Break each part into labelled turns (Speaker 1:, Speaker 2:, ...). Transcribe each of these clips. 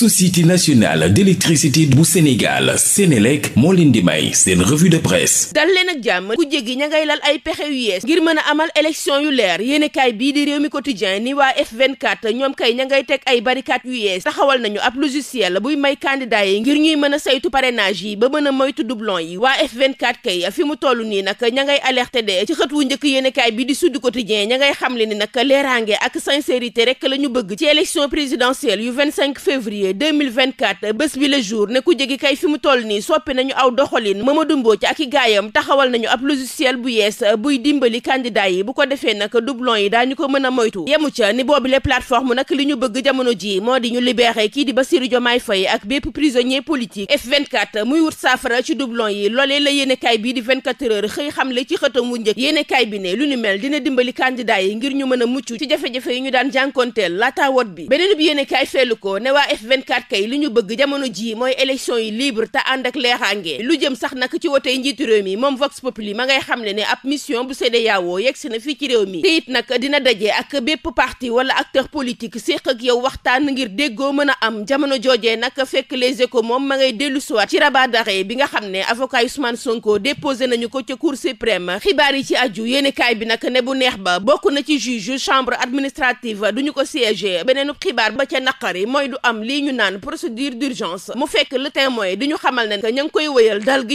Speaker 1: société nationale d'électricité bu Sénégal Sénélec moo leen di may seen revue de presse dal leen ak jàmm ku jéggi ña lal ay pexe yu yees ngir mën a amal élection yu leer yéenekaay bii di réew mi quotidien ni waa F24 ñoom kay ña ngay teg ay barricade yu taxawal nañu ab logiciel buy may candidat yi ngir ñuy mën a saytu parrainage yi ba mën a moytu doublon yi waa F24 a fi mu toll nii nag ña ngay de ci xët wu njëkk yéenekaay bii di Sud Quotidien ña 2024 bés bi le jour ne ku jegi kay fi mu toll nii soppi nañu aw doxalin Mamadou Mbodj ak i gaayam taxawal nañu ab logiciel bu yees buy dimbali candidat yi bu ko defee nag doublon yi daañu ko mën a moytu yemu ca ni boobu les plateforme nag li ñu bëgg jamono ji moo di ñu libéré kii di Bassirou Diomaye Faye ak bépp prisonnier politique F24 muy wut saafara ci doublon yi loolee la yéene bii di 24 heures xëy xamle ci xëtam wu njëkk yéene kaay bi ne lu ñu mel dina dimbali candidat yi ngir ñu mën a mucc ci jafe-jafe yi ñu daan jànkonteel laataa bi beneen bi yéene 2024 kay li ñu bëgg jamono jii mooy élection yi libre te ànd ak leexaange lu jëm sax nag ci wotey njiitu réew mi moom Vox Populi ma ngay xamle ne ab mission bu CEDEAO yegg si na fii ci réew mi te it nag dina daje ak bépp parti wala acteur politique séq ak yow waxtaan ngir déggoo mën a am jamono joojee nag fekk les ko moom ma ngay dellu siwaat ci rabat d'arrêt bi nga xam ne avocat Ousmane Sonko déposé nañu ko ca cour suprême xibaar yi ci aju yéenekaay bi nag ne bu neex ba bokk na ci juge chambre administrative duñu ko siégé beneenub xibaar ñu naan procédure d'urgence mu fekk le témoin di ñu xamal ne ña ngi koy wëyal dal gi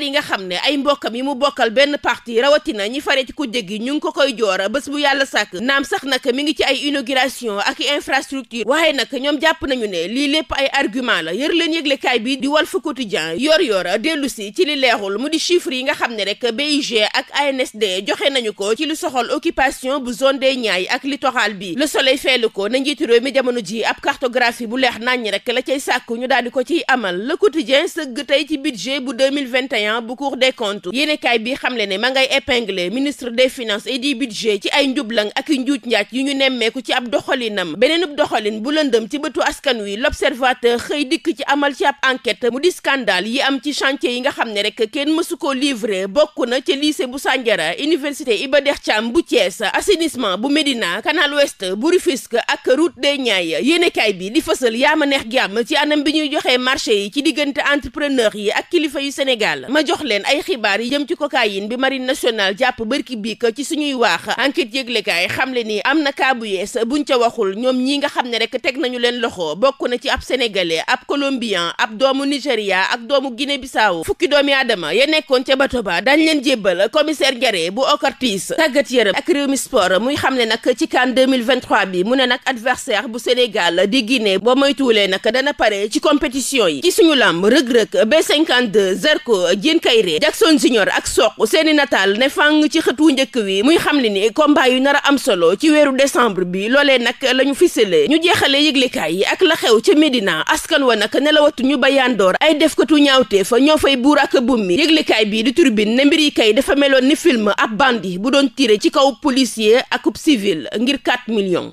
Speaker 1: yi nga xam ne ay mbokkam yi mu bokkal benn parti rawatina ñi fare ci ku jéggi ñu ngi ko koy joor bés bu yàlla sàkk naam sax nag mi ngi ci ay inauguration ak infrastructure waaye nag ñoom jàpp nañu ne lii lépp ay argument la yër leen yëglekaay bi di wal Walf Quotidien yor yor dellu si ci li leexul mu di chiffre yi nga xam ne rek BIG ak ANSD joxe nañu ko ci lu soxol occupation bu zone des Niayes ak littoral bi Le Soleil feelu ko na njiitu njiitu réew mi jamono ji ab cartographie bu leex nañ ñi rek la cay sàkku ñu daal di ko ciy amal le quotidien sëgg tey ci budget bu 2021 bu cour des comptes yéenekaay bi xamle ne ma ngay épinglé ministre des finances et du budget ci ay njublang ak i njuuj njaaj yu ñu nemmeeku ci ab doxalinam beneenub doxalin bu lëndëm ci bëtu askan wi l'observateur xëy dikk ci amal ci ab enquête mu di scandale yi am ci chantier yi nga xam ne rek kenn mësu koo livré bokk na ci lycée bu Sandiara université Iba Der Thiam bu Thiès assainissement bu Médina canal ouest bu Rufisque Doudou Ndiaye yéenekaay bi di fësal yaa ma neex jàmm ci anam bi ñuy joxee marché yi ci diggante entrepreneur yi ak kilifa yu Sénégal ma jox leen ay xibaar yi jëm ci cocaïne bi marine nationale jàpp bërki biik ci suñuy waax enquête yëglekaay xam le ni am na kaa bu buñ ca waxul ñoom ñi nga xam ne rek teg nañu leen loxo bokk na ci ab sénégalais ab colombien ab doomu Nigéria ak doomu Guinée Bissau fukki doomi aadama ya nekkoon ca bato ba dañ leen jébbal commissaire Ndiare bu Okartis tàggat yaram ak réew mi sport muy adversaire bu Sénégal di Guinée boo moytuwulee nag dana pare ci compétition yi ci suñu lamb rëg-rëg B52 Zerko Diène Kairé Jackson Junior ak Sokh seeni nataal ne fang ci xëtu njëkk wi muy xam le ni combat yu nar a am solo ci weeru décembre bi loolee nag la ñu fisalee ñu jeexale yëglekaay yi ak la xew ci Médina askan wa nag ne la watu ñu ba yandoor ay defkatu ñaawtee fa ñoo fay buur ak bummi yëglekaay bii di turbine ne mbir yi kay dafa meloon ni film ab bandi bu doon tiré ci kaw policier akub civil ngir 4 millions